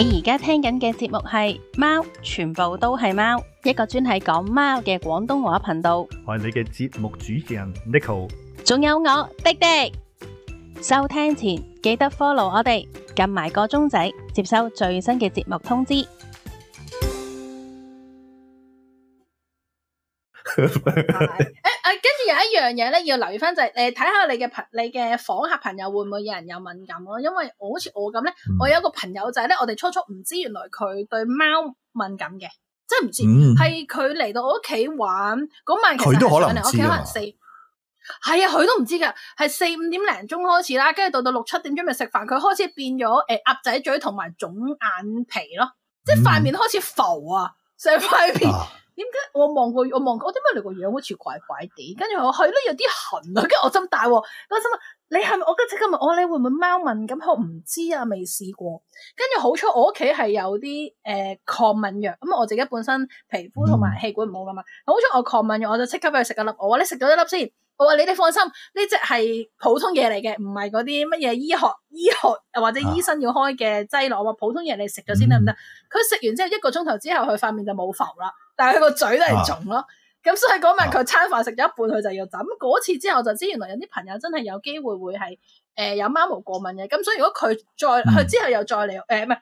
你而家聽緊嘅節目係《貓》，全部都係貓，一個專係講貓嘅廣東話頻道。我係你嘅節目主持人 Neko，仲有我，廸廸。收聽前記得 follow 我哋，撳埋個鐘仔，接收最新嘅節目通知。 跟住有一樣嘢咧，要留意翻就係、是、誒，睇下你嘅朋你嘅訪客朋友會唔會有人有敏感咯？因為我好似我咁咧，嗯、我有一個朋友仔係咧，我哋初初唔知原來佢對貓敏感嘅，即係唔知係佢嚟到我屋企玩嗰晚上，佢都可能，可能四，係啊，佢都唔知噶，係四五點零鐘開始啦，跟住到到六七點鐘咪食飯，佢開始變咗誒、呃、鴨仔嘴同埋腫眼皮咯，即係塊面都開始浮啊，成塊面。啊點解我望過我望過我點解你個樣好似怪怪地？跟住我係咧有啲痕、哦、啊！跟住我針大，我心話你係咪？我跟住即刻問我你會唔會貓敏？咁我唔知啊，未試過。跟住好彩我屋企係有啲誒抗敏藥，咁啊我自己本身皮膚同埋氣管唔好噶嘛。嗯、好彩我抗敏藥，我就即刻俾佢食一粒，我話你食咗一粒先。我話，哦、你哋放心，呢只係普通嘢嚟嘅，唔係嗰啲乜嘢醫學醫學或者醫生要開嘅劑落。我話，啊、普通嘢你食咗先得唔得？佢食、嗯、完之後一個鐘頭之後，佢塊面就冇浮啦，但係佢個嘴都係腫咯。咁、啊、所以嗰晚佢餐飯食咗一半，佢就要飲。嗰次之後就知，原來有啲朋友真係有機會會係誒、呃、有貓毛過敏嘅。咁所以如果佢再佢、嗯、之後又再嚟誒唔係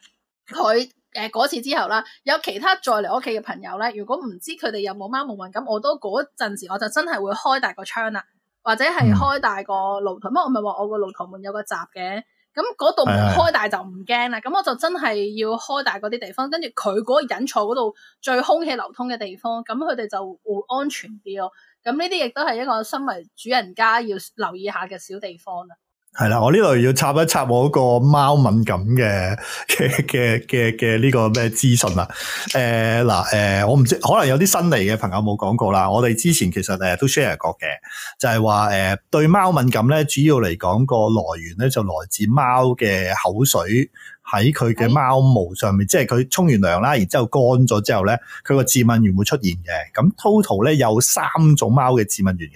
佢。呃誒嗰、呃、次之後啦，有其他再嚟屋企嘅朋友咧，如果唔知佢哋有冇貓毛敏感，我都嗰陣時我就真係會開大個窗啦，或者係開大個露台門。嗯、我咪係話我個露台門有個閘嘅，咁嗰度門開大就唔驚啦。咁的我就真係要開大嗰啲地方，跟住佢嗰隱藏嗰度最空氣流通嘅地方，咁佢哋就會安全啲咯。咁呢啲亦都係一個身為主人家要留意下嘅小地方啦。係啦，我呢度要插一插我嗰個貓敏感嘅嘅嘅嘅嘅呢個咩資訊啊？誒、呃，嗱、呃，誒、呃，我唔知，可能有啲新嚟嘅朋友冇講過啦。我哋之前其實誒都 share 過嘅，就係話誒對貓敏感咧，主要嚟講，個來源咧就來自貓嘅口水喺佢嘅貓毛上面，的即係佢沖完涼啦，然之後乾咗之後咧，佢個致敏原會出現嘅。咁 total 咧有三種貓嘅致敏原嘅。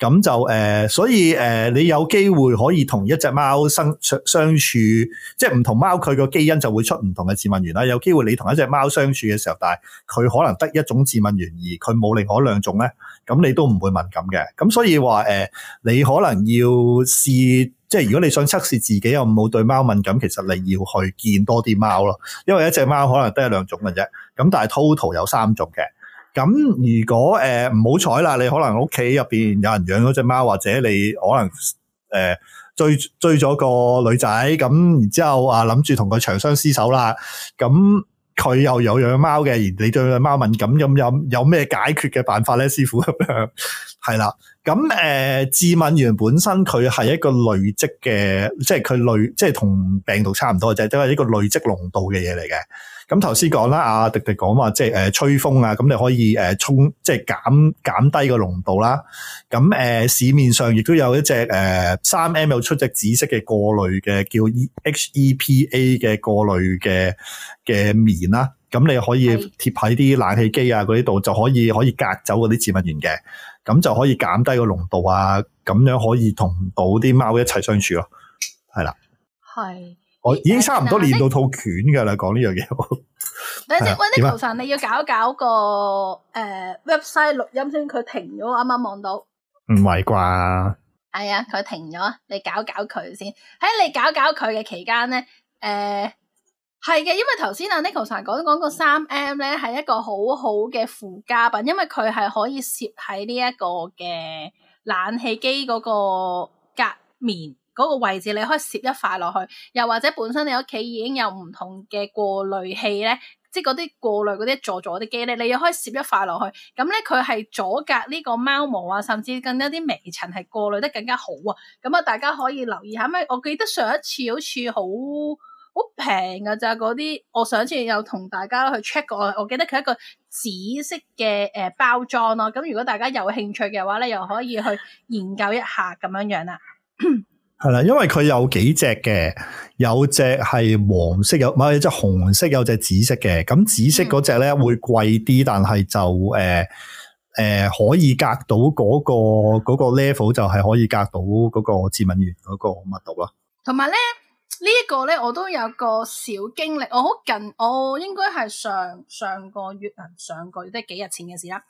咁就誒、呃，所以誒、呃，你有機會可以同一隻貓生相相處，即係唔同貓佢個基因就會出唔同嘅致敏原啦。有機會你同一隻貓相處嘅時候，但係佢可能得一種致敏原而佢冇另外兩種咧，咁你都唔會敏感嘅。咁所以話誒、呃，你可能要試，即係如果你想測試自己有冇對貓敏感，其實你要去見多啲貓咯，因為一隻貓可能得一兩種嘅啫，咁但係 total 有三種嘅。咁如果誒唔好彩啦，你可能屋企入邊有人養咗隻貓，或者你可能誒、呃、追追咗個女仔，咁然之後啊，諗住同佢長相廝守啦，咁佢又有養貓嘅，而你對佢貓敏感，咁有有咩解決嘅辦法咧？師傅，咁樣係啦，咁誒，致、嗯、敏、呃、原本身佢係一個累積嘅，即係佢累，即係同病毒差唔多，嘅，係因為一個累積濃度嘅嘢嚟嘅。咁頭先講啦，阿迪迪講話，即係誒吹風啊，咁你可以誒沖，即係減減低個濃度啦。咁誒，市面上亦都有一隻誒三 M 出隻紫色嘅過濾嘅叫 H E P A 嘅過濾嘅嘅棉啦。咁你可以貼喺啲冷氣機啊嗰啲度，是就可以可以隔走嗰啲致敏原嘅，咁就可以減低個濃度啊。咁樣可以同到啲貓一齊相處咯，係啦，係。我已經差唔多練到套拳噶啦，講呢、 啊、樣嘢、啊。但係喂 Nicholas 你要搞搞個誒 website 錄音先，佢停咗，我啱啱望到。唔係啩？係啊、哎，佢停咗，你搞搞佢先。喺你搞搞佢嘅期間咧，誒係嘅，因為頭先阿 Nicholas 講講個三 M 咧係一個好好嘅附加品，因為佢係可以攝喺呢一個嘅冷氣機嗰個隔面。嗰個位置你可以攝一塊落去，又或者本身你屋企已經有唔同嘅過濾器咧，即係嗰啲過濾嗰啲助助啲機咧，你又可以攝一塊落去。咁咧佢係阻隔呢個貓毛啊，甚至更加啲微塵係過濾得更加好啊。咁啊，大家可以留意下咩？我記得上一次好似好好平㗎咋嗰啲，我上次有同大家去 check 過，我記得佢一個紫色嘅誒包裝咯。咁如果大家有興趣嘅話咧，又可以去研究一下咁樣樣啦。 係啦，因為佢有幾隻嘅，有隻係黃色，有買隻紅色，有隻紫色嘅。咁紫色嗰隻咧會貴啲，但係就誒誒、呃呃、可以隔到嗰、嗰個、嗰個 level 就係可以隔到嗰個致敏源嗰個密度啦。同埋咧呢、呢個咧我都有個小經歷，我好近，我應該係上上個月啊，上個月即係幾日前嘅事啦。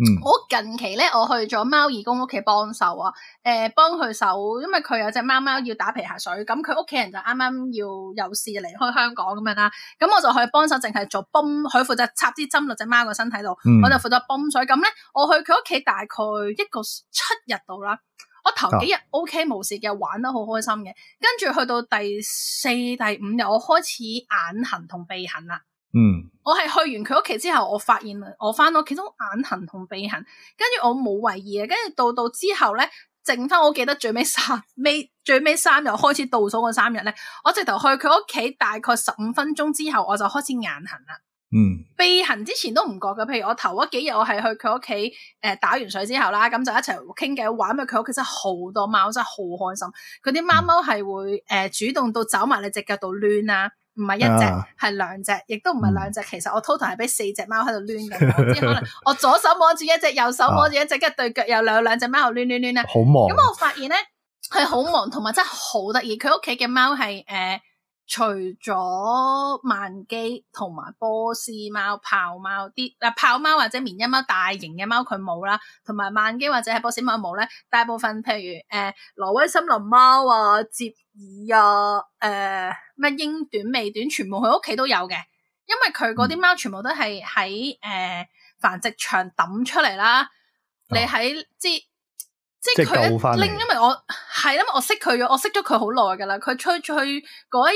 嗯、我近期咧，我去咗貓義工屋企幫手啊，誒、呃，幫佢手，因為佢有隻貓貓要打皮下水，咁佢屋企人就啱啱要有事離開香港咁樣啦、啊，咁我就去幫手，淨係做泵，佢負責插啲針落隻貓個身體度，我就負責泵水，咁咧、嗯，我去佢屋企大概一個七日度啦，我頭幾日 O K 冇事嘅，玩得好開心嘅，跟住去到第四、第五日，我開始眼痕同鼻痕啦。嗯，我係去完佢屋企之後，我發現我翻屋企都眼痕同鼻痕，跟住我冇為意啊，跟住到到之後咧，剩翻我記得最尾三尾最尾三日開始倒數嗰三日咧，我直頭去佢屋企大概十五分鐘之後，我就開始眼痕啦。嗯，鼻痕之前都唔覺噶，譬如我頭嗰幾日我係去佢屋企，誒、呃、打完水之後啦，咁就一齊傾偈玩啊，佢屋企真係好多貓，真係好開心，佢啲貓貓係會誒、呃、主動到走埋你隻腳度攣啦。唔係一隻，係、啊、兩隻，亦都唔係兩隻。嗯、其實我 total 係俾四隻貓喺度攣緊，即係 可能我左手摸住一隻，右手摸住一隻，跟住、啊、對腳有兩兩隻貓喺度攣攣攣啦，好忙。咁我發現咧，佢好忙，同埋真係好得意。佢屋企嘅貓係誒，呃除咗曼基同埋波斯貓、豹貓啲嗱，豹貓或者緬因貓、大型嘅貓佢冇啦，同埋曼基或者係波斯貓冇咧。大部分譬如誒挪、呃、威森林貓啊、折耳啊、誒、呃、乜英短、美短，全部佢屋企都有嘅，因為佢嗰啲貓全部都係喺誒繁殖場揼出嚟啦。嗯、你喺即。即係救返因為我係因為我識佢咗，我識咗佢好耐噶啦。佢初初嗰一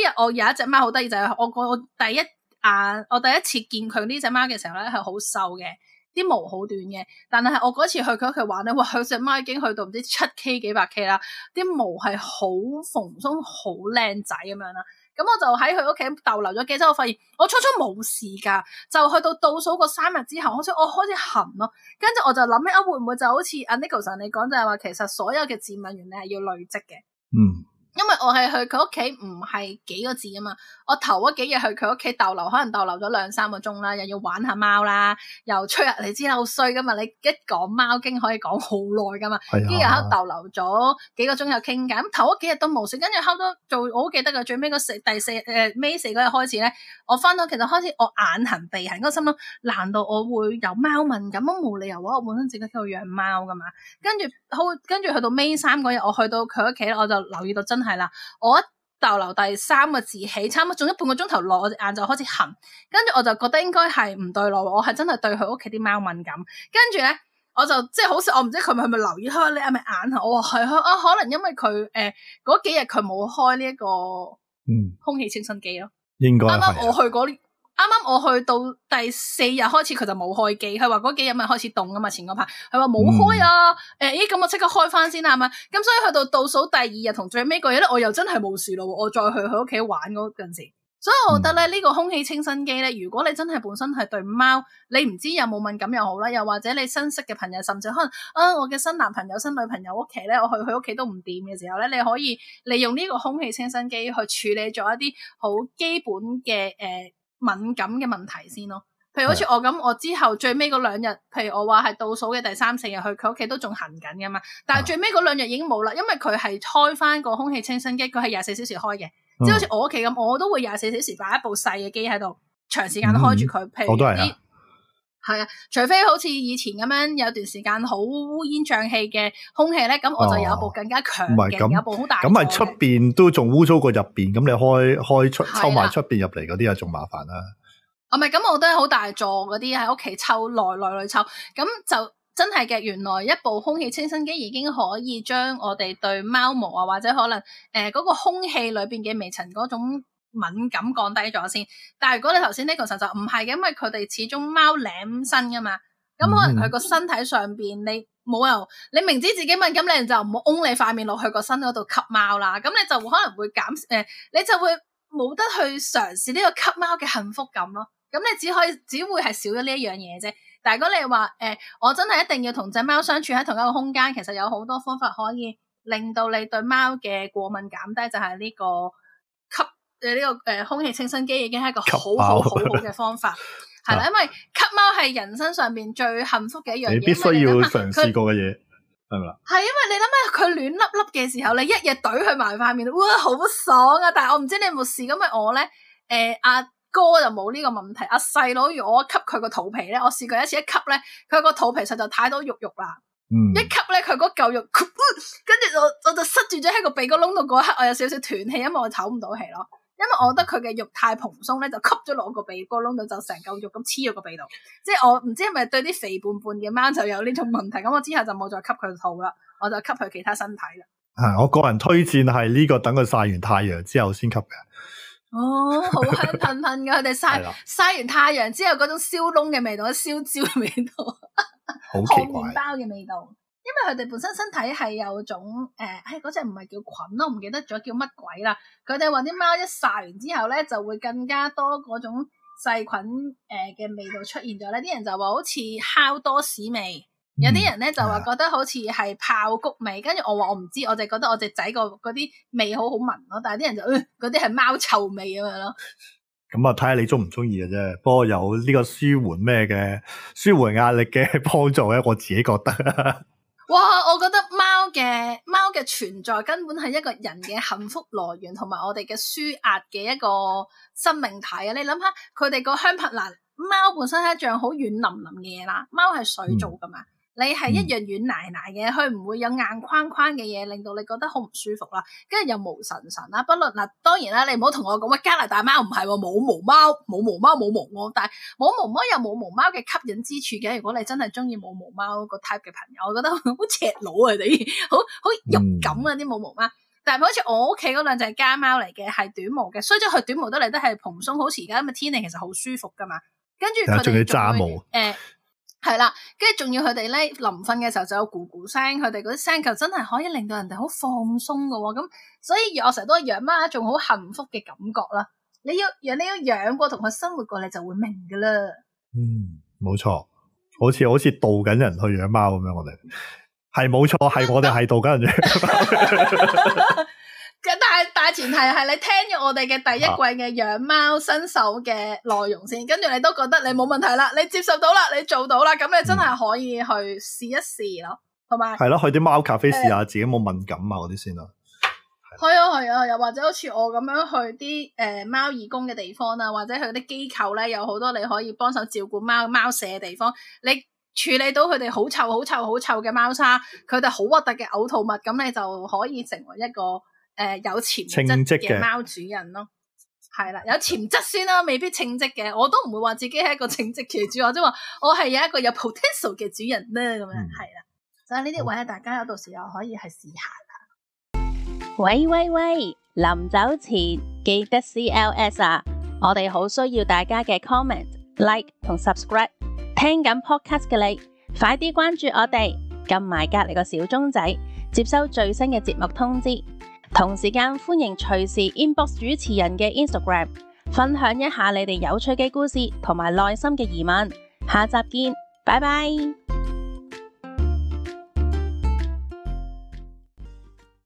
日，我有一隻貓好得意就係我我第一眼、啊，我第一次見佢呢隻貓嘅時候咧，係好瘦嘅，啲毛好短嘅。但係我嗰次去佢屋企玩咧，哇！佢隻貓已經去到唔知七 K 幾百 K 啦，啲毛係好蓬鬆，好靚仔咁樣啦。咁我就喺佢屋企逗留咗幾周，我發現我初初冇事噶，就去到倒數個三日之後，開始我開始痕咯，跟住我就諗咧，會唔會就好似阿 Neko 你講，就係話其實所有嘅致敏原嚟係要累積嘅。嗯。因為我係去佢屋企唔係幾個字啊嘛，我頭嗰幾日去佢屋企逗留，可能逗留咗兩三個鐘啦，又要玩下貓啦，又吹入嚟之後好衰噶嘛，你一講貓經可以講好耐噶嘛，跟住又喺度逗留咗幾個鐘又傾偈，咁頭嗰幾日都冇事，跟住後都做我好記得噶，最尾嗰四第四誒尾、呃、四嗰日開始咧，我返到其實開始我眼痕鼻痕，我心諗難道我會有貓敏感？我冇理由啊，我本身自己喺度養貓噶嘛，跟住好跟住去到尾三嗰日我去到佢屋企咧，我就留意到真。係啦，我一逗留第三個字起，差唔多仲有半個鐘頭落，我隻眼就開始痕，跟住我就覺得應該係唔對路，我係真係對佢屋企啲貓敏感，跟住咧我就即係好似我唔知佢係咪留意開你係咪眼？我話係啊，可能因為佢誒嗰幾日佢冇開呢一個嗯空氣清新機咯、嗯，應該係。剛剛我去啱啱我去到第四日開始，佢就冇開機。佢話嗰幾日咪開始凍啊嘛，前嗰排佢話冇開啊。誒、mm. 哎，咁我即刻開翻先啦，係咪？咁所以去到，到倒數第二日同最尾嗰日咧，我又真係冇事咯。我再去佢屋企玩嗰陣時，所以我覺得咧，呢、mm. 個空氣清新機咧，如果你真係本身係對貓，你唔知有冇敏感又好啦，又或者你新識嘅朋友，甚至可能啊，我嘅新男朋友、新女朋友屋企咧，我去佢屋企都唔掂嘅時候咧，你可以利用呢個空氣清新機去處理咗一啲好基本嘅誒。呃敏感嘅問題先咯，譬如好似我咁，我之後最尾嗰兩日，譬如我話係倒數嘅第三四日去佢屋企都仲行緊㗎嘛，但係最尾嗰兩日已經冇啦，因為佢係開翻個空氣清新機，佢係廿四小時開嘅，即係好似我屋企咁，我都會廿四小時擺一部細嘅機喺度，長時間都開住佢，嗯、譬如啲、啊。係啊，除非好似以前咁樣有段時間好烏煙瘴氣嘅空氣咧，咁我就有部更加強嘅，有部好大咁，係出邊都仲污糟過入邊，咁你開開出抽埋出邊入嚟嗰啲啊，仲麻煩啦。啊，唔係，咁我都係好大座嗰啲喺屋企抽來來去抽，咁就真係嘅。原來一部空氣清新機已經可以將我哋對貓毛啊，或者可能誒嗰個空氣裏邊嘅微塵嗰種。敏感降低咗先，但係如果你頭先呢個實就唔係嘅，因為佢哋始終貓舐身㗎嘛，咁、嗯、可能佢個身體上邊、嗯、你冇由你明知自己敏感， 你就唔好㧬你塊面落去個身嗰度吸貓啦，咁你就可能會減誒、呃，你就會冇得去嘗試呢個吸貓嘅幸福感咯，咁你只可以只會係少咗呢一樣嘢啫。但係如果你話誒、呃，我真係一定要同隻貓相處喺同一個空間，其實有好多方法可以令到你對貓嘅過敏減低，就係、是、呢、這個。你呢、這個誒、呃、空氣清新機已經係一個好好好嘅方法，係啦爆， 因為吸貓係人生上邊最幸福嘅一樣嘢，你必須要嘗試過嘅嘢，係咪啊？係因為你諗下佢暖粒粒嘅時候，你一日懟佢埋塊面，哇，好爽啊！但係我唔知你有冇試，咁咪我咧，誒、呃、阿哥，哥就冇呢個問題，阿細佬如果我吸佢個肚皮咧，我試過一次一吸咧，佢個肚皮實在太多肉肉啦，嗯、一吸咧佢嗰嚿肉，跟住我我就塞住咗喺個鼻哥窿度，嗰刻我有少少斷氣，因為我唞唔到氣咯。因為我覺得佢嘅肉太蓬鬆咧，就吸咗落個鼻哥窿度，就成嚿肉咁黐咗個鼻度。即係我唔知係咪對啲肥胖胖嘅貓就有呢種問題，咁我之後就冇再吸佢肚啦，我就吸佢其他身體啦。啊，我個人推薦係呢個，等佢曬完太陽之後先吸嘅。哦，好香噴噴嘅，佢哋曬曬完太陽之後嗰種燒窿嘅味道，燒焦嘅味道，好奇怪，麵包嘅味道。因為佢哋本身身體係有種誒，誒嗰隻唔係叫菌咯，唔記得咗叫乜鬼啦。佢哋話啲貓一撒完之後咧，就會更加多嗰種細菌誒嘅味道出現咗咧。啲人就話好似烤多士味，有啲人咧就話覺得好似係爆穀味。跟住，嗯、我話我唔知，啊、我就覺得我隻仔個嗰啲味好好聞咯。但係啲人就嗰啲係貓臭味咁樣咯。咁啊，嗯，睇下你中唔中意嘅啫。不過有呢個舒緩咩嘅舒緩壓力嘅幫助咧，我自己覺得。 哇！我覺得貓嘅貓嘅存在根本係一個人嘅幸福來源，同埋我哋嘅舒壓嘅一個生命體啊！你諗下，佢哋個香噴嗱，貓本身係一樣好軟腍腍嘅嘢啦，貓係水做㗎嘛。嗯你係一樣軟奶奶嘅，佢唔會有硬框框嘅嘢，令到你覺得好唔舒服啦。跟住又毛神神啦，不論嗱，當然啦，然你唔好同我講喂，加拿大貓唔係喎，冇毛貓，冇毛貓，冇毛貓，但係冇毛貓有冇毛貓嘅吸引之處嘅。如果你真係中意冇毛貓個 type 嘅朋友，我覺得好赤佬啊，啲好好肉感啊啲冇毛貓。但係好似我屋企嗰兩隻家貓嚟嘅，係短毛嘅，所以即佢短毛得嚟都係蓬鬆，好似而家咁嘅天氣，其實好舒服噶嘛。跟住仲要揸毛，誒、呃。係啦，跟住仲要佢哋咧，臨瞓嘅時候就有咕咕聲，佢哋嗰啲聲就真係可以令到人哋好放鬆噶喎，哦，咁，嗯，所以我成日都係養貓，一種好幸福嘅感覺啦。你要，你要養，養過同佢生活過，你就會明噶啦。嗯，冇錯，好似好似導緊人去養貓咁樣，我哋係冇錯，係 我哋係導緊人 但係大前提係你聽咗我哋嘅第一季嘅養貓新手嘅內容先，跟住你都覺得你冇問題啦，你接受到啦，你做到啦，咁你真係可以去試一試咯，係咪？係咯，去啲貓咖啡試下、呃、自己冇敏感啊嗰啲先啊。係啊係啊，又或者好似我咁樣去啲誒、呃、貓義工嘅地方啊，或者去啲機構咧，有好多你可以幫手照顧貓貓舍嘅地方，你處理到佢哋好臭好臭好臭嘅貓砂，佢哋好核突嘅嘔吐物，咁你就可以成為一個。誒、呃，有潛質嘅貓主人咯，係啦，有潛質先啦，未必稱職嘅。我都唔會話自己係一個稱職嘅主或者係話我係有一個有 potential 嘅主人啦。咁樣係啦，就係呢啲位，大家有到時候可以去試下啦。喂喂喂，臨走前記得 C L S 啊！我哋好需要大家嘅 comment、like 同 subscribe。聽緊 podcast 嘅你，快啲關注我哋，撳埋隔籬個小鐘仔，接收最新嘅節目通知。同時間歡迎隨時 inbox 主持人嘅 Instagram，分享一下你哋有趣嘅故事同埋內心嘅疑問。下集見，拜拜。